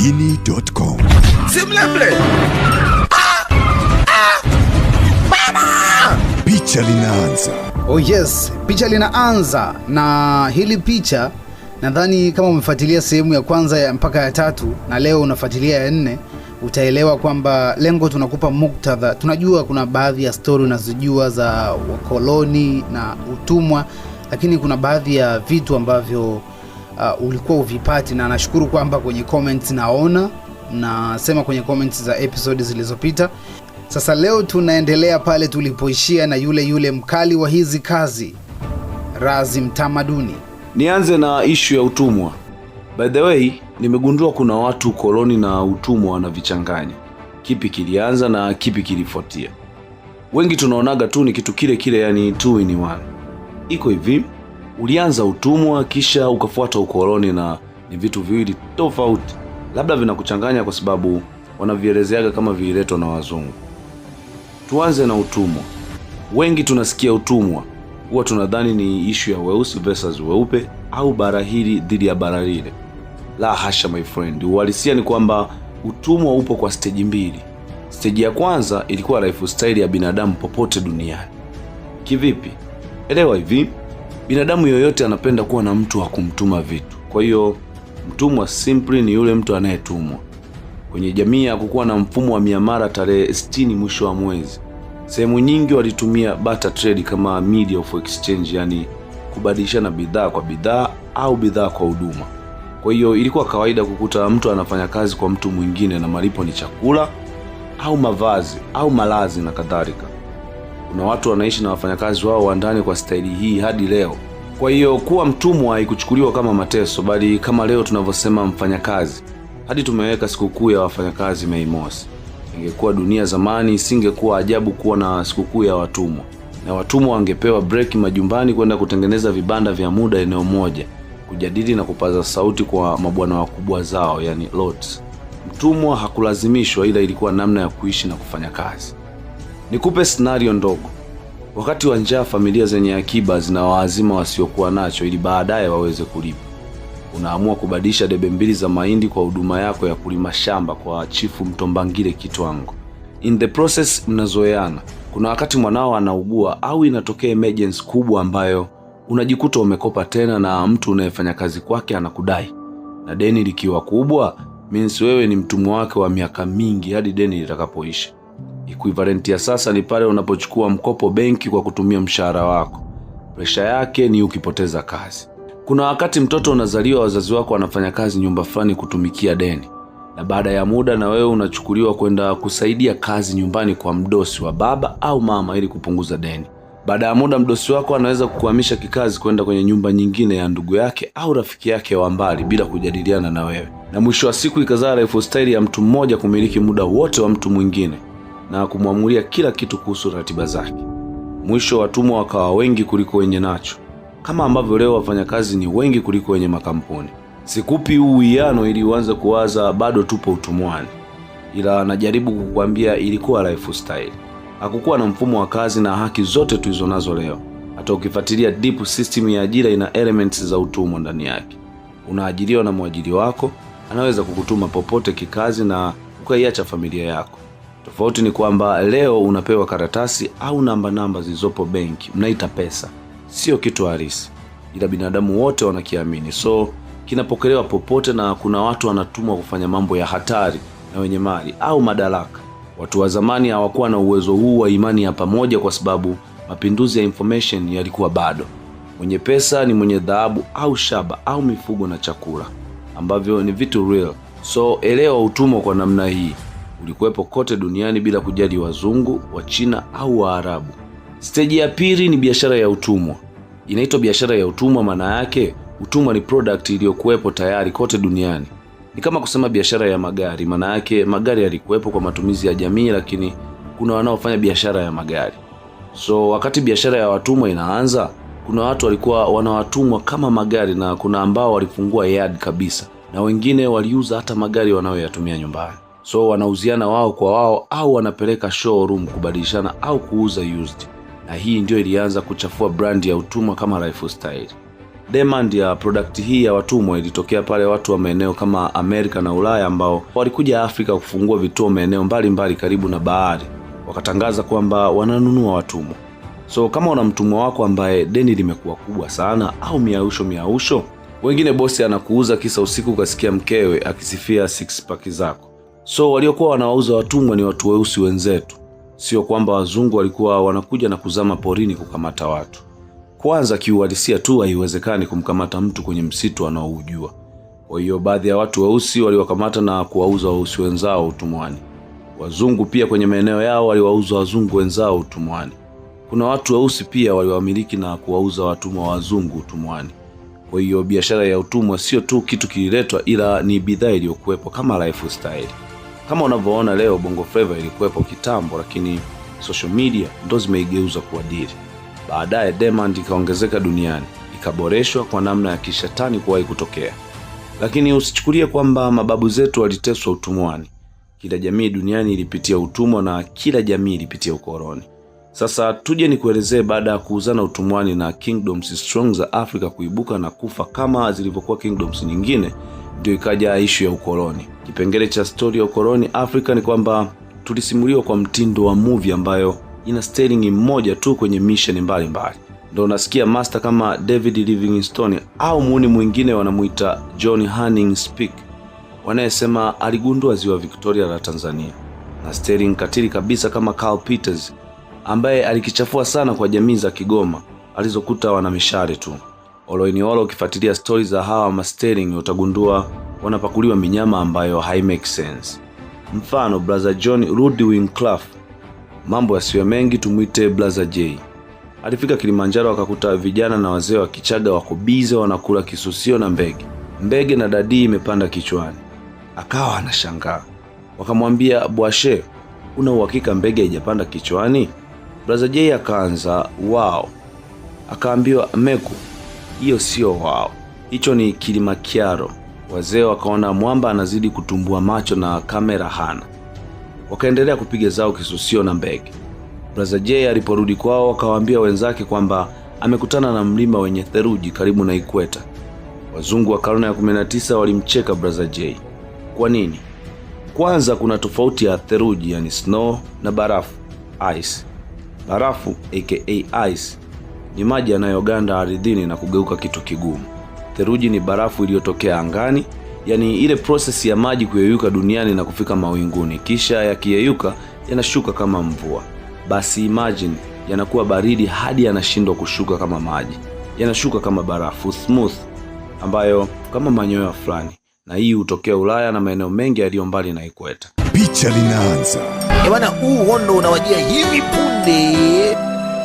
Dini.com. Si Ah! Ah! Mama! Picha linaanza. Oh yes, picha linaanza na hili picha nadhani kama umefuatilia sehemu ya kwanza ya mpaka ya tatu na leo unafuatilia ya nne utaelewa kwamba lengo tunakupa muktadha. Tunajua kuna baadhi ya stori unazojua za wakoloni na utumwa, lakini kuna baadhi ya vitu ambavyo uh, ulikuwa uvipati, na nashukuru kwamba kwenye comments naona nasema kwenye comments za episode zilizopita. Sasa leo tunaendelea pale tulipoishia na yule yule mkali wa hizi kazi razi Mtamaduni. Nianze na ishu ya utumwa. By the way, nimegundua kuna watu koloni na utumwa wanavichanganya. Kipi kilianza na kipi kilifuatia? Wengi tunaonaga tu ni kitu kile kile, yani two in one. Iko hivi ulianza utumwa kisha ukafuata ukoloni, na ni vitu viwili tofauti, labda vinakuchanganya kwa sababu wanavielezeaga kama vililetwa na wazungu. Tuanze na utumwa. Wengi tunasikia utumwa huwa tunadhani ni ishu ya weusi versus weupe au bara hili dhidi ya bara lile. La hasha, my friend, uhalisia ni kwamba utumwa upo kwa steji mbili. Steji ya kwanza ilikuwa lifestyle ya binadamu popote duniani. Kivipi? Elewa hivi, Binadamu yoyote anapenda kuwa na mtu wa kumtuma vitu. Kwa hiyo mtumwa simply ni yule mtu anayetumwa. Kwenye jamii hakukuwa na mfumo wa miamala tarehe 60 mwisho wa mwezi. Sehemu nyingi walitumia barter trade kama media of exchange, yani kubadilishana bidhaa kwa bidhaa au bidhaa kwa huduma. Kwa hiyo ilikuwa kawaida kukuta mtu anafanya kazi kwa mtu mwingine na malipo ni chakula au mavazi au malazi na kadhalika. Kuna watu wanaishi na wafanyakazi wao wa ndani kwa staili hii hadi leo. Kwa hiyo kuwa mtumwa haikuchukuliwa kama mateso, bali kama leo tunavyosema mfanyakazi, hadi tumeweka sikukuu ya wafanyakazi Mei Mosi. Ingekuwa dunia zamani, isingekuwa ajabu kuwa na sikukuu ya watumwa, na watumwa wangepewa breki majumbani kwenda kutengeneza vibanda vya muda eneo moja, kujadili na kupaza sauti kwa mabwana wakubwa zao, yani lords. Mtumwa hakulazimishwa, ila ilikuwa namna ya kuishi na kufanya kazi. Nikupe scenario ndogo. Wakati wa njaa, familia zenye akiba zinawaazima wasiokuwa nacho ili baadaye waweze kulipa. Unaamua kubadilisha debe mbili za mahindi kwa huduma yako ya kulima shamba kwa Chifu Mtombangile Kitwango. In the process, mnazoeana. Kuna wakati mwanao anaugua au inatokea emergency kubwa ambayo unajikuta umekopa tena na mtu unayefanya kazi kwake anakudai, na deni likiwa kubwa means wewe ni mtumwa wake wa miaka mingi hadi deni litakapoisha. Equivalent ya sasa ni pale unapochukua mkopo benki kwa kutumia mshahara wako. Presha yake ni ukipoteza kazi. Kuna wakati mtoto unazaliwa, wazazi wako wanafanya kazi nyumba fulani kutumikia deni, na baada ya muda na wewe unachukuliwa kwenda kusaidia kazi nyumbani kwa mdosi wa baba au mama ili kupunguza deni. Baada ya muda mdosi wako anaweza kukuhamisha kikazi kwenda kwenye nyumba nyingine ya ndugu yake au rafiki yake wa mbali bila kujadiliana na wewe, na mwisho wa siku ikazaa lifestyle ya mtu mmoja kumiliki muda wote wa mtu mwingine na kumwamulia kila kitu kuhusu ratiba zake. Mwisho watumwa wakawa wengi kuliko wenye nacho, kama ambavyo leo wafanyakazi ni wengi kuliko wenye makampuni. Sikupi uwiano ili uanze kuwaza bado tupo utumwani, ila najaribu kukuambia ilikuwa lifestyle. Hakukuwa na mfumo wa kazi na haki zote tulizonazo leo. Hata ukifuatilia deep system ya ajira ina elements za utumwa ndani yake. Unaajiriwa na mwajiri wako, anaweza kukutuma popote kikazi na ukaiacha familia yako. Tofauti ni kwamba leo unapewa karatasi au namba namba zilizopo benki, mnaita pesa, sio kitu halisi, ila binadamu wote wanakiamini, so kinapokelewa popote, na kuna watu wanatumwa kufanya mambo ya hatari na wenye mali au madaraka. Watu wa zamani hawakuwa na uwezo huu wa imani ya pamoja, kwa sababu mapinduzi ya information yalikuwa bado. Mwenye pesa ni mwenye dhahabu au shaba au mifugo na chakula, ambavyo ni vitu real. So elewa utumwa kwa namna hii ulikuwepo kote duniani bila kujali wazungu, Wachina au Waarabu. Steji ya pili ni biashara ya utumwa. Inaitwa biashara ya utumwa, maana yake utumwa ni product iliyokuwepo tayari kote duniani. Ni kama kusema biashara ya magari, maana yake magari yalikuwepo kwa matumizi ya jamii, lakini kuna wanaofanya biashara ya magari. So wakati biashara ya watumwa inaanza, kuna watu walikuwa wanawatumwa kama magari, na kuna ambao walifungua yard kabisa, na wengine waliuza hata magari wanayoyatumia nyumbani so wanauziana wao kwa wao au wanapeleka showroom kubadilishana au kuuza used, na hii ndio ilianza kuchafua brandi ya utumwa kama lifestyle. Demand ya product hii ya watumwa ilitokea pale watu wa maeneo kama Amerika na Ulaya ambao walikuja Afrika kufungua vituo maeneo mbalimbali karibu na bahari, wakatangaza kwamba wananunua watumwa. So kama una mtumwa wako ambaye deni limekuwa kubwa sana au miausho miausho, wengine bosi anakuuza kisa usiku ukasikia mkewe akisifia six pack zako So waliokuwa wanawauza watumwa ni watu weusi wenzetu, sio kwamba wazungu walikuwa wanakuja na kuzama porini kukamata watu. Kwanza kiuhalisia tu haiwezekani kumkamata mtu kwenye msitu anaoujua. Kwa hiyo baadhi ya watu weusi waliwakamata na kuwauza weusi wenzao utumwani. Wazungu pia kwenye maeneo yao waliwauza wazungu wenzao utumwani. Kuna watu weusi pia waliwamiliki na kuwauza watumwa wazungu utumwani. Kwa hiyo biashara ya utumwa sio tu kitu kililetwa, ila ni bidhaa iliyokuwepo kama lifestyle. Kama unavyoona leo, bongo flava ilikuwepo kitambo, lakini social media ndo zimeigeuza kuwa dili. Baadaye demand ikaongezeka duniani, ikaboreshwa kwa namna ya kishetani kuwahi kutokea. Lakini usichukulie kwamba mababu zetu waliteswa utumwani. Kila jamii duniani ilipitia utumwa na kila jamii ilipitia ukoloni. Sasa tuje nikuelezee, baada ya kuuzana utumwani na kingdoms strong za Afrika kuibuka na kufa kama zilivyokuwa kingdoms nyingine ndio ikaja ishu ya ukoloni. Kipengele cha stori ya ukoloni Afrika ni kwamba tulisimuliwa kwa mtindo wa movie ambayo ina sterling mmoja tu kwenye mission mbalimbali. Ndio unasikia master kama David Livingstone au muuni mwingine wanamuita John Hanning Speak wanayesema aligundua ziwa Victoria la Tanzania, na sterling katili kabisa kama Carl Peters ambaye alikichafua sana kwa jamii za Kigoma alizokuta wana mishale tu. Oloiniwalo, ukifuatilia stori za hawa mastering utagundua wanapakuliwa minyama ambayo hai make sense. Mfano brother John Rudi Winclaf, mambo yasiyo mengi tumwite brother J. Alifika Kilimanjaro akakuta vijana na wazee wa Kichaga wako bize wanakula kisusio na mbege, mbege na dadii imepanda kichwani, akawa anashangaa. Wakamwambia bwashe, una uhakika mbege haijapanda kichwani? Brother J akaanza wao, akaambiwa meku hiyo sio wao, hicho ni kilimakiaro Wazee wakaona mwamba anazidi kutumbua macho na kamera hana, wakaendelea kupiga zao kisusio na mbege. Braza J aliporudi kwao wakawaambia wenzake kwamba amekutana na mlima wenye theluji karibu na ikweta. Wazungu wa karne ya 19 walimcheka Braza J. Kwa nini? Kwanza kuna tofauti ya theluji yani snow na barafu ice. Barafu aka ice ni maji yanayoganda ardhini na kugeuka kitu kigumu. theruji ni barafu iliyotokea angani, yaani ile prosesi ya maji kuyeyuka duniani na kufika mawinguni, kisha yakiyeyuka yanashuka kama mvua. Basi imagine, yanakuwa baridi hadi yanashindwa kushuka kama maji, yanashuka kama barafu smooth, ambayo kama manyoya fulani, na hii hutokea Ulaya na maeneo mengi yaliyo mbali na ikweta. Picha linaanza. Ewana, eh, huu hondo unawajia hivi punde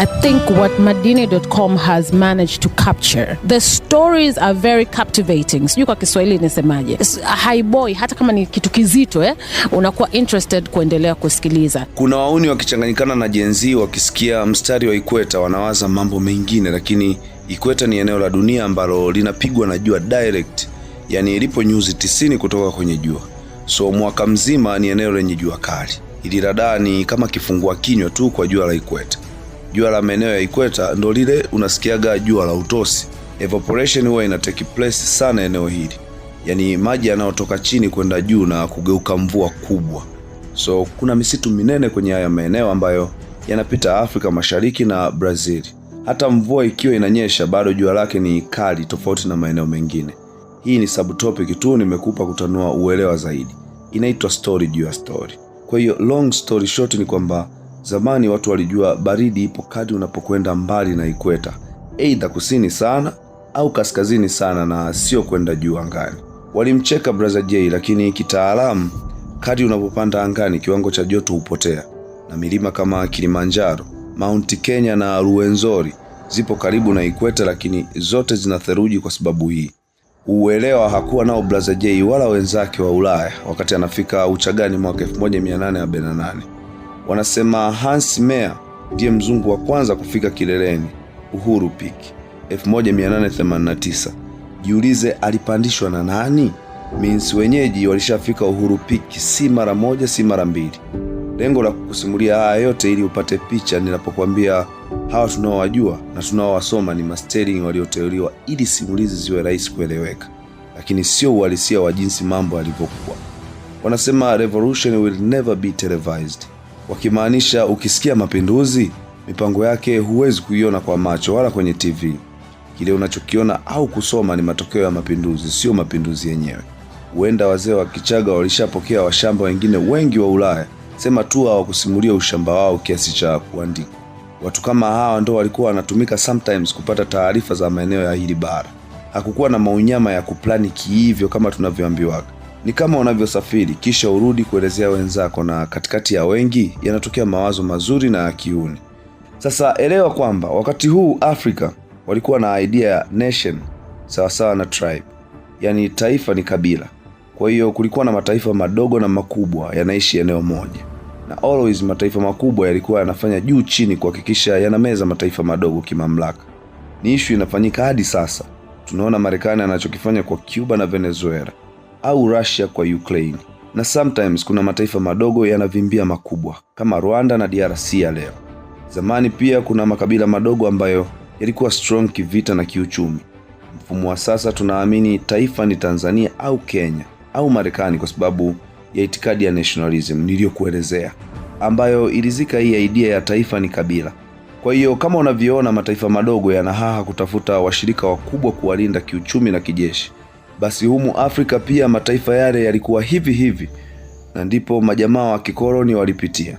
I think what Madine.com has managed to capture. The stories are very captivating. Sijui kwa Kiswahili nisemaje. High boy hata kama ni kitu kizito eh, unakuwa interested kuendelea kusikiliza. Kuna wauni wakichanganyikana na jenzi wakisikia mstari wa ikweta wanawaza mambo mengine, lakini ikweta ni eneo la dunia ambalo linapigwa na jua direct, yani ilipo nyuzi tisini kutoka kwenye jua, so mwaka mzima ni eneo lenye jua kali. Ili radaa ni kama kifungua kinywa tu kwa jua la ikweta jua la maeneo ya ikweta ndo lile unasikiaga jua la utosi. Evaporation huwa ina take place sana eneo hili, yaani maji yanayotoka chini kwenda juu na kugeuka mvua kubwa. So kuna misitu minene kwenye haya maeneo ambayo yanapita Afrika Mashariki na Brazil. Hata mvua ikiwa inanyesha bado jua lake ni kali tofauti na maeneo mengine. Hii ni subtopic tu nimekupa kutanua uelewa zaidi. Inaitwa story juu ya story. Kwa hiyo long story short ni kwamba Zamani watu walijua baridi ipo kadri unapokwenda mbali na ikweta, aidha kusini sana au kaskazini sana, na sio kwenda juu angani. Walimcheka Brother Jay, lakini kitaalamu, kadri unapopanda angani kiwango cha joto hupotea, na milima kama Kilimanjaro, Mount Kenya na Ruwenzori zipo karibu na ikweta, lakini zote zina theluji. Kwa sababu hii uelewa hakuwa nao Brother Jay wala wenzake wa Ulaya wakati anafika Uchagani mwaka 1848 wanasema Hans Meyer ndiye mzungu wa kwanza kufika kileleni Uhuru Peak 1889. Jiulize, alipandishwa na nani? Minsi wenyeji walishafika Uhuru Peak si mara moja, si mara mbili. Lengo la kukusimulia haya yote ili upate picha ninapokuambia hawa tunaowajua na tunaowasoma ni mastering walioteuliwa ili simulizi ziwe rahisi kueleweka, lakini sio uhalisia wa jinsi mambo yalivyokuwa. Wanasema revolution will never be televised wakimaanisha ukisikia mapinduzi, mipango yake huwezi kuiona kwa macho wala kwenye TV. Kile unachokiona au kusoma ni matokeo ya mapinduzi, sio mapinduzi yenyewe. Huenda wazee wa Kichaga walishapokea washamba wengine wengi wa Ulaya, sema tu hawakusimulia ushamba wao kiasi cha kuandika. Watu kama hawa ndo walikuwa wanatumika sometimes kupata taarifa za maeneo ya hili bara. Hakukuwa na maunyama ya kuplani kiivyo kama tunavyoambiwaga. Ni kama unavyosafiri kisha urudi kuelezea wenzako, na katikati ya wengi yanatokea mawazo mazuri na ya kiuni. Sasa elewa kwamba wakati huu Afrika walikuwa na idea ya nation sawasawa na tribe, yaani taifa ni kabila. Kwa hiyo kulikuwa na mataifa madogo na makubwa yanaishi eneo moja, na always mataifa makubwa yalikuwa yanafanya juu chini kuhakikisha yanameza mataifa madogo kimamlaka. Ni ishu inafanyika hadi sasa, tunaona Marekani anachokifanya kwa Cuba na Venezuela au Russia kwa Ukraine. Na sometimes kuna mataifa madogo yanavimbia makubwa kama Rwanda na DRC ya leo. Zamani pia kuna makabila madogo ambayo yalikuwa strong kivita na kiuchumi. Mfumo wa sasa tunaamini taifa ni Tanzania au Kenya au Marekani kwa sababu ya itikadi ya nationalism niliyokuelezea ambayo ilizika hii idea ya taifa ni kabila. Kwa hiyo kama unavyoona mataifa madogo yana haha kutafuta washirika wakubwa kuwalinda kiuchumi na kijeshi basi humu Afrika pia mataifa yale yalikuwa hivi hivi, na ndipo majamaa wa kikoloni walipitia.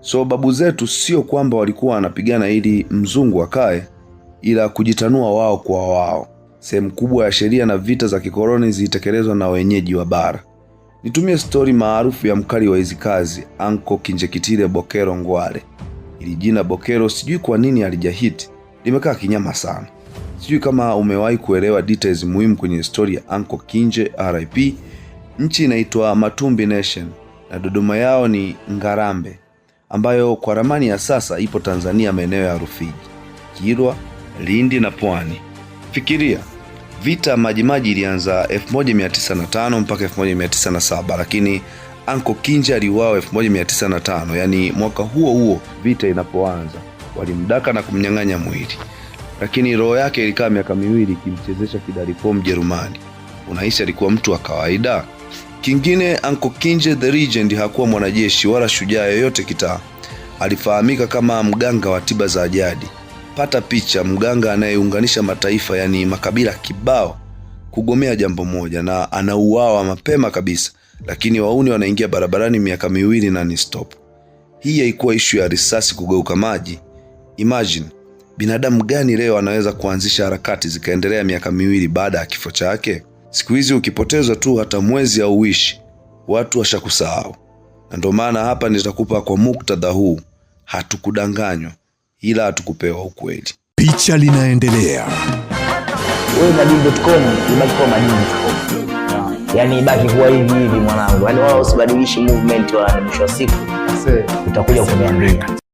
So babu zetu sio kwamba walikuwa wanapigana ili mzungu akae, ila kujitanua wao kwa wao. Sehemu kubwa ya sheria na vita za kikoloni zilitekelezwa na wenyeji wa bara. Nitumie stori maarufu ya mkali wa hizi kazi Anko Kinjekitile Bokero Ngwale. Ili jina Bokero sijui kwa nini alijahiti, limekaa kinyama sana. Sijui kama umewahi kuelewa details muhimu kwenye histori ya Anko Kinje RIP. Nchi inaitwa Matumbi Nation na Dodoma yao ni Ngarambe, ambayo kwa ramani ya sasa ipo Tanzania, maeneo ya Rufiji, Kilwa, Lindi na Pwani. Fikiria vita Majimaji ilianza 1905 mpaka 1907, lakini Anko Kinje aliuawa 1905, yaani mwaka huo huo vita inapoanza, walimdaka na kumnyang'anya mwili lakini roho yake ilikaa miaka miwili ikimchezesha Kidari po Mjerumani. Unahisi alikuwa mtu wa kawaida? Kingine, Anko Kinje the Legend hakuwa mwanajeshi wala shujaa yoyote kitaa. Alifahamika kama mganga wa tiba za jadi. Pata picha, mganga anayeunganisha mataifa, yani makabila kibao, kugomea jambo moja, na anauawa mapema kabisa, lakini wauni wanaingia barabarani miaka miwili na ni stop. Hii haikuwa ishu ya risasi kugeuka maji. Imagine Binadamu gani leo anaweza kuanzisha harakati zikaendelea miaka miwili baada ya kifo chake? Siku hizi ukipotezwa tu hata mwezi au uishi, watu washakusahau. Na ndio maana hapa nitakupa kwa muktadha huu, hatukudanganywa ila hatukupewa ukweli. Picha linaendelea. Wewe Madini.com ibaki kuwa Madini.com, yaani ibaki kuwa hivi hivi mwanangu, yaani wala usibadilishi movement, wala mwisho wa siku utakuja kuniambia.